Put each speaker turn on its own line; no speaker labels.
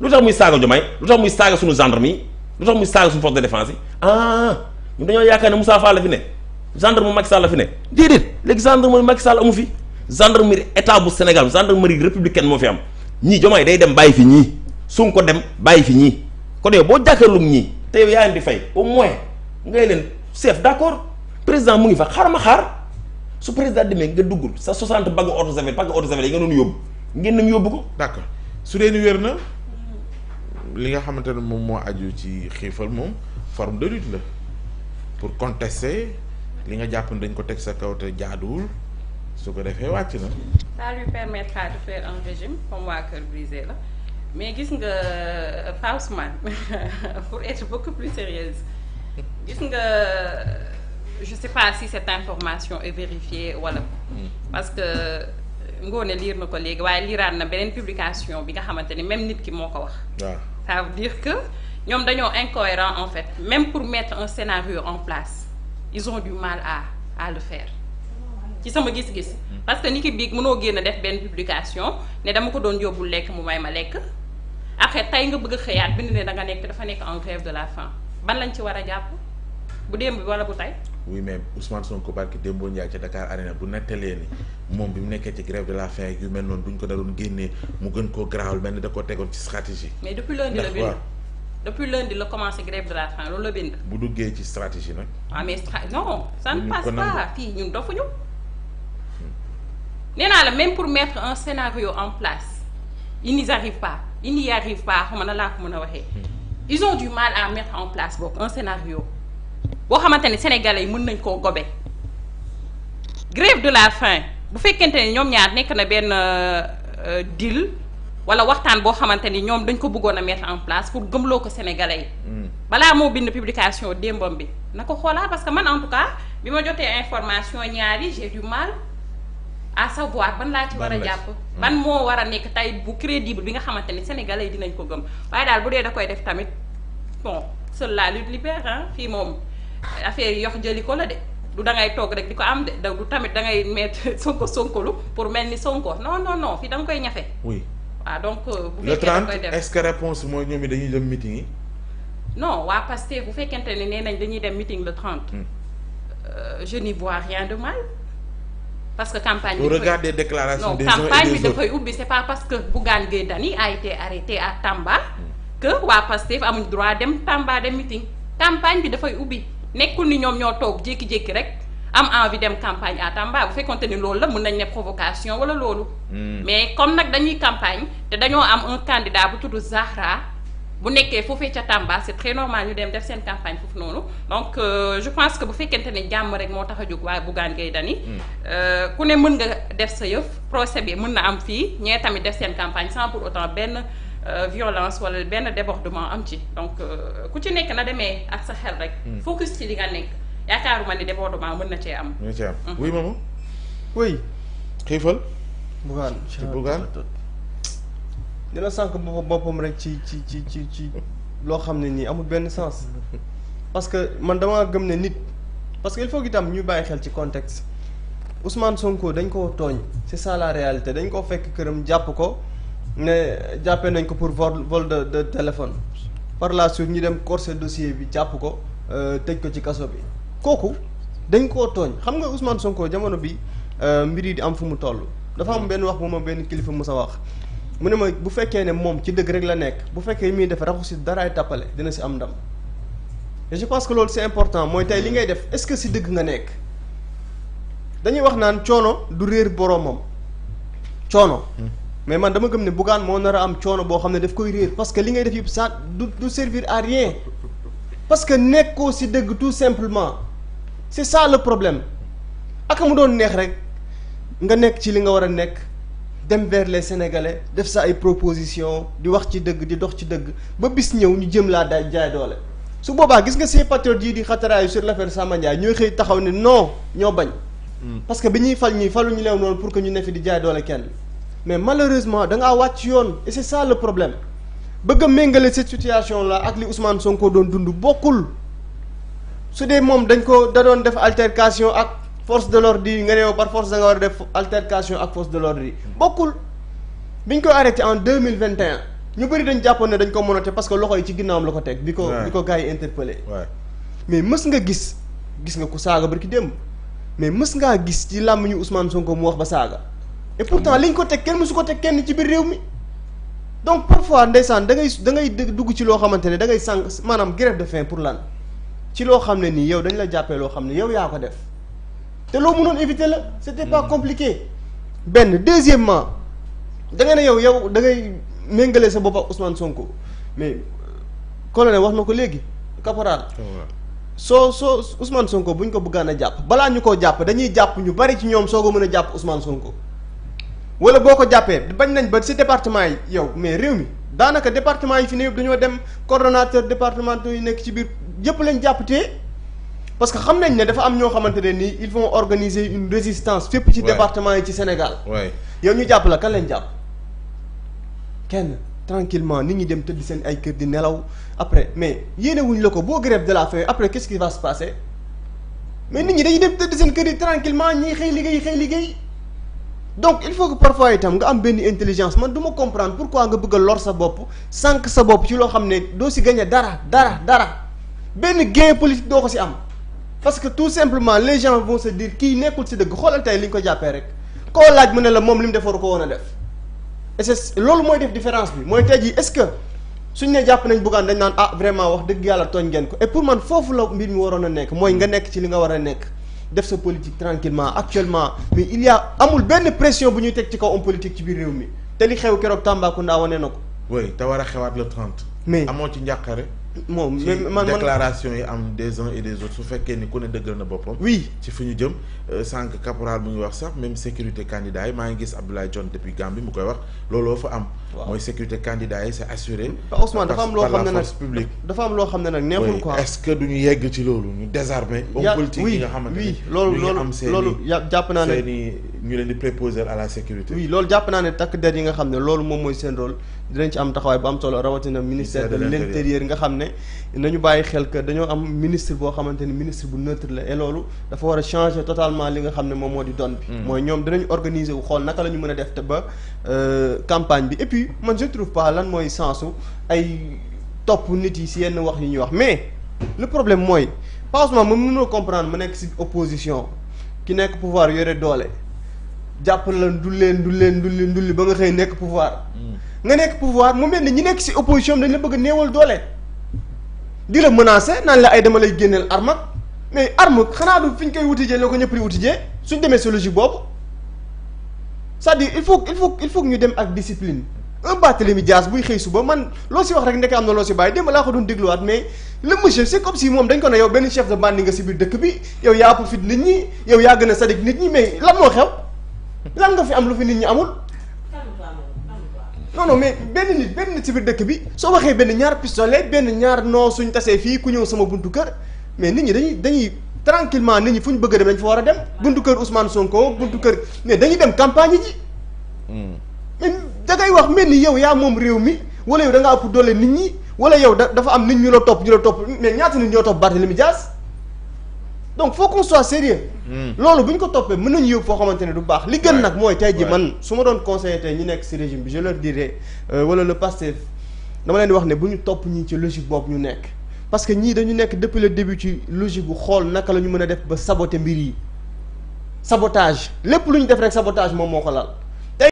lu tax muy saaga Diomaye lu tax muy saaga suñu gendarme yi lu tax muy saaga suñu force de défense ah ñun dañoo yaakaar ne Moussa Fall fi ne gendarme Macky Sall la fi ne déedéet léegi gendarme Macky Sall amu fi gendarmerie état bu Sénégal gendarmerie républicaine moo fi am ñii Diomaye day dem bàyyi fi ñii ko dem bàyyi fi ñii kon yow boo jàkkaarloog ñii te yow yaa di fay au moins ngay leen chef d'accord président mu ngi fa xaar ma xaar su président demee nga duggul sa 60 bagg eau de javel bagg eau de javel yi nga doon yóbbu ko d'accord su dee ni li nga xamante ne moom moo aju ci xiifal moom forme de lute la pour contester li nga jàpp ne dañ ko teg sa kaw te jaaduwul su ko defee wàcc na.
ça lui permettra de faire un régime comme waa Cœur brisé la mais gis nga euh, Pa Ousmane pour être beaucoup plus sérieuse gis nga je sais pas si cette information est vérifiée wala mm. parce que euh, Ngoone liir na ko léegi waaye liiraan na beneen publication bi nga xamante ni même nit ki moo ko wax. waaw ça veut dire que ñoom dañoo incohérent en fait même pour mettre un scénario en place ils ont du mal à à le faire ci sama gis-gis parce que ni ki biig mënoo génn def benn publication ne dama ko doon yóbbul lekk mu may ma lekk après tey nga bëgg a xëyaat bind ne da nekk dafa nekk en grève de la faim ban lañ ci war a jàpp bu démb bi wala bu tey
oui mais Ousmane Sonko barki Dembo Ndiaye ca Dakar Arena bu nettalee ni moom bi mu nekkee ci grève de la faim yu mel noonu duñ ko daroon génnee mu gën koo garaawal mel ni da koo tegoon ci stratégie.
mais depuis lundi la bind depuis lundi la commencé grève de la faim loolu la bind.
bu duggee ci stratégie nag.
waaw ah, mais stra non. ça ne passe pas fii ñun dofuñu. nee naa la même pour mettre un scénario en place ils n'y arrivent pas ils n'y arrivent pas xaw ma na laa mën a waxee. Hmm. ils ont du mal à mettre boo xamante ne sénégalais yi mun nañ koo gobe grève de la faim bu fekkente ne ñoom ñaar nekk na benn euh, deal wala waxtaan boo xamante ni ñoom dañ ko bëggoon a mettre en place pour gëmloo ko sénégalais yi. Mm. balaa moo bind publication démbam bi na ko xoolaa parce que man en tout cas bi ma jotee information ñaari j'ai du mal à savoir ban laa ci war a jàpp. Mm. ban moo war a nekk tey bu crédible bi nga xamante ni sénégalais yi dinañ ko gëm waaye daal bu dee da koy def tamit bon seule fii moom. affaire yi yox jëli ko la de du da toog rek di ko am de du tamit da ngay mettre sonko sonkolu pour mel ni sonko non non non fii da nga koy ñafe. oui donc. Euh, bu fekkee da koy def le 30 est-ce
que réponse mooy ñoom dañuy
non waa Pastef bu fekkente ne nee nañ dañuy dem meeting le 30. Hmm. Euh, je n'y vois rien de mal. parce que campagne bi dafay déclaration des uns et des autres bi dafay ubbi c'est pas parce que Bougane Gueye Dany a été à Tamba. Hmm. que waa Pastef amuñ droit dem Tamba dem meeting campagne bi dafay ubbi. nekkul ni ñoom ñoo toog jékki-jékki rek am envi dem campagne à Tamba bu fekkonte ni loolu la mun nañ ne provocation wala loolu. Hmm. mais comme nag dañuy campagne te dañoo am un candidat bu tudd Zahra. bu nekkee foofu ca Tamba c'est très normal ñu dem def seen campagne foofu noonu donc euh, je pense que bu fekkente ne jàmm rek moo tax a jóg waa Bougane Gueye Dany hmm. euh, ku ne mën nga def sa yëf procès bi mën na am fii ñee tamit def seen campagne sans pour autant benn Euh, violence wala benn débordement am ci donc euh, ku ci nekk na demee ak sa xel rek. Hmm. focus ci li nga nekk yaakaaruma ne débordement mën na cee am.
mën na cee am hmm. oui maman. xiifal. bugaan ci bugaan. dina sànq boppam rek ci ci ci ci ci loo xam ne nii amul benn sens. parce que man dama gëm ne nit. parce que il faut itam ñu bàyyi xel ci contexte Ousmane Sonko dañ ko tooñ. c'est ça réalité dañ koo fekk këram jàpp ko. ne jàppe nañ ko pour vol vol de de téléphone par la suite ñu dem corser dossier bi jàpp ko euh, tëj ko ci kaso bi kooku dañ koo tooñ xam nga Ousmane Sonko jamono bi euh, mbir yi di am fu mu toll dafa am benn wax bu ma benn kilifa mu sa wax mu ne ma bu fekkee ne moom ci dëgg rek la nekk bu fekkee muy def raxu si daraay tappale dina si am ndam je pense que loolu c'est important mooy tey li ngay def est que si dëgg nga nekk dañuy wax naan coono du réer boroomam coono hmm. mais man dama gëm ne Bougane moo nara am coono boo xam ne daf koy réer parce que li ngay def yëpp ça du du servir à rien parce que nekkoo si dëgg tout simplement c'est ça le problème aka mu doon neex rek nga nekk ci li nga war a nekk dem vers les sénégalais def sa ay proposition di wax ci dëgg di dox ci dëgg ba bis ñëw ñu jëm laa daay jaay doole su boobaa gis nga ces patriotes yi di xataraayu sur l'affaire Samba Ndiaye ñooy xëy taxaw ne non ñoo bañ hmm. parce que bi ñuy fal ñuy faluñu leew ñu ne fi di jaay doole kenn mais malheureusement da ngaa wàcc yoon et c'est le problème bëgg a méngale cette situation là ak li Ousmane Sonko doon dund bokkul su dee moom dañ ko da doon def altercation ak force de l'ordre yi nga ne par force da war a def altercation ak force de l'ordre yi bokkul biñ ko arrêté en deux mille vingt et ñu bëri dañ jàppoon ne dañ ko monote parce que loxo yi ci ginnaawam la ko teg. bi ko bi ko gars yi mais mës nga gis gis nga ku saaga barki démb mais mës ngaa gis ci làmmiñu Ousmane Sonko mu wax ba saaga. et li ñu ko teg kenn su ko teg kenn ci biir réew mi donc parfois ndeysaan da ngay dangay ngay dugg ci loo xamante ne dangay ngay sànq maanaam grève de fin pour lan ci loo xam ne nii yow dañ la jàppee loo xam ne yow yaa ko def te loo mënoon éviter la c'était pas hmm. compliqué benn deuxièmement da nga ne yow yow da ngay méngale sa bopp ak Sonko mais colonel wax na ko léegi caporal soo soo Ousmane Sonko bu ñu ko bëggaan a jàpp balaa ñu koo jàpp dañuy jàpp ñu bari ci ñoom soo ko mën jàpp Ousmane Sonko wala boo ko jàppee bañ nañ ba si département yi yow mais réew mi daanaka département yi fi ne yëpp dañoo dem coordonnateur départementaux yi nekk ci biir yëpp lañ jàppatee parce que xam nañ ne dafa am ñoo xamante ne nii il faut organiser une résistance fépp ci département yi ci Sénégal yow ñu jàpp la kan lañ jàpp kenn tranquillement nit ñi dem tëdd seen ay kër di nelaw après mais yéene wuñ la ko boo grève de la faim après qu'est-ce qui va se mais nit ñi dañuy dem tëdd kër yi tranquillement ñiy xëy liggéey xëy liggéey donc il faut que parfois itam nga am benn intelligence man du ma comprendre pourquoi nga bëgg a lor sa bopp sànq sa bopp ci loo xam ne doo si gagné dara dara dara benn gain politique doo ko si am parce que tout simplement les gens vont se dire kii nekkul si dëgg xoolal tey li ñu ko jàppee rek koo laaj mu ne la moom li mu defaru ko woon a def et c'est loolu mooy def différence bi mooy tey jii est-ce que suñ ne jàpp nañ Bougane dañ naan ah vraiment wax dëgg yàlla tooñ ngeen ko pour man foofu la mbir mi mooy nga nekk ci li nga war a nekk def sa politique tranquillement actuellement mais il y amul benn pression bu ñuy teg ci kaw homme politique ci biir réew mi te li xew keroog Tambacounda wane na ko. oui te war a xewaat le 30. mais amoo ci njàqare. moom même man déclaration
yi am des uns et autres su fekkee ni ku ne dëggal na boppam. oui ci fi ñu jëm euh, sànq caporal bu ngi wax sax même sécurité candidat yi maa ngi gis Abdoulaye John depuis Gambie mu koy wax looloo fa am. mooy sécurité candidat yi c'est assuré. par Ousmane dafa am loo xam ne nag
am loo xam ne nag neexul quoi. est-ce que duñu
yegg ci loolu ñu
désarmer. homme politique yi nga xamante ni loolu loolu loolu jàpp naa ne ñu leen di préposer à la sécurité. oui loolu jàpp naa ne takk der yi nga xam ne loolu moom mooy seen rôle dinañ ci am taxawaay bu am solo rawatina ministère de l'intérieur nga xam ne nañu bàyyi xel que dañoo am ministre boo xamante ni ministre bu neutre la et loolu dafa war a changer totalement li nga xam ne moom moo di doon bi hmm. mooy ñoom dinañ organiser wu xool naka la ñu mën a def te ba euh, campagne bi et puis man je trouve pas lan mooy sensu ay topp nit yi si yenn wax yu ñuy wax mais le problème mooy pansement ma mënoo comprendre ma nekk si opposition ki nekk pouvoir yore doole jàpp la du leen leen du leen li ba nga xëy nekk pouvoir hmm. nga nekk pouvoir mu mel ni ñi nekk ci opposition dañ la bëgg a néewal doole di la menacer naan la ay dama lay génneel arme ak mais arme xanaa du fi ñu koy wutijee la ko ñëpp di wutijee suñ demee ci logique boobu sa dire il faut il faut il faut ñu dem ak discipline un Barthélémy Dias buy xëy suba man loo si wax rek ndekk am na loo ci bàyyi démb laa ko doon dégluwaat mais le monsieur c'est comme si moom dañ ko ne yow benn chef de bande nga ci biir dëkk bi yow yaa ëpp fit yow yaa a sadik nit ñi moo xew lan nga am lu nit ñi amul. non mais benn nit benn nit ci biir dëkk bi soo waxee benn ñaar pistolet benn ñaar noo suñ tasee fii ku ñëw sama buntu kër mais nit ñi dañuy dañuy tranquillement nit ñi fu ñu bëgg a dem dañ fa war a dem buntu kër Ousmane Sonko buntu kër mais dañuy dem campagne yi ji. mais hmm. dangay wax mel ni yow yaa moom réew mi wala yow da ngaa ëpp doole nit ñi wala yow da dafa am nit ñu la topp ñu la topp mais ñaata nit ñoo topp Barthélémy Dias donc faut qu'on soit sérieux hmm. loolu bu ñu ko toppee mën nañu yóbbu foo xamante ne du baax li gën nag mooy tey ji man su ma doon conseiller tey ñu nekk si régime bi je leur dirais euh, wala le Pastef dama leen wax ne bu ñu topp ñii ci logique boobu ñu nekk parce que ñii dañu nekk depuis le début ci logique bu xool naka la ñu mën a def ba saboter mbir yi sabotage lépp lu ñu def rek sabotage moom moo ko lal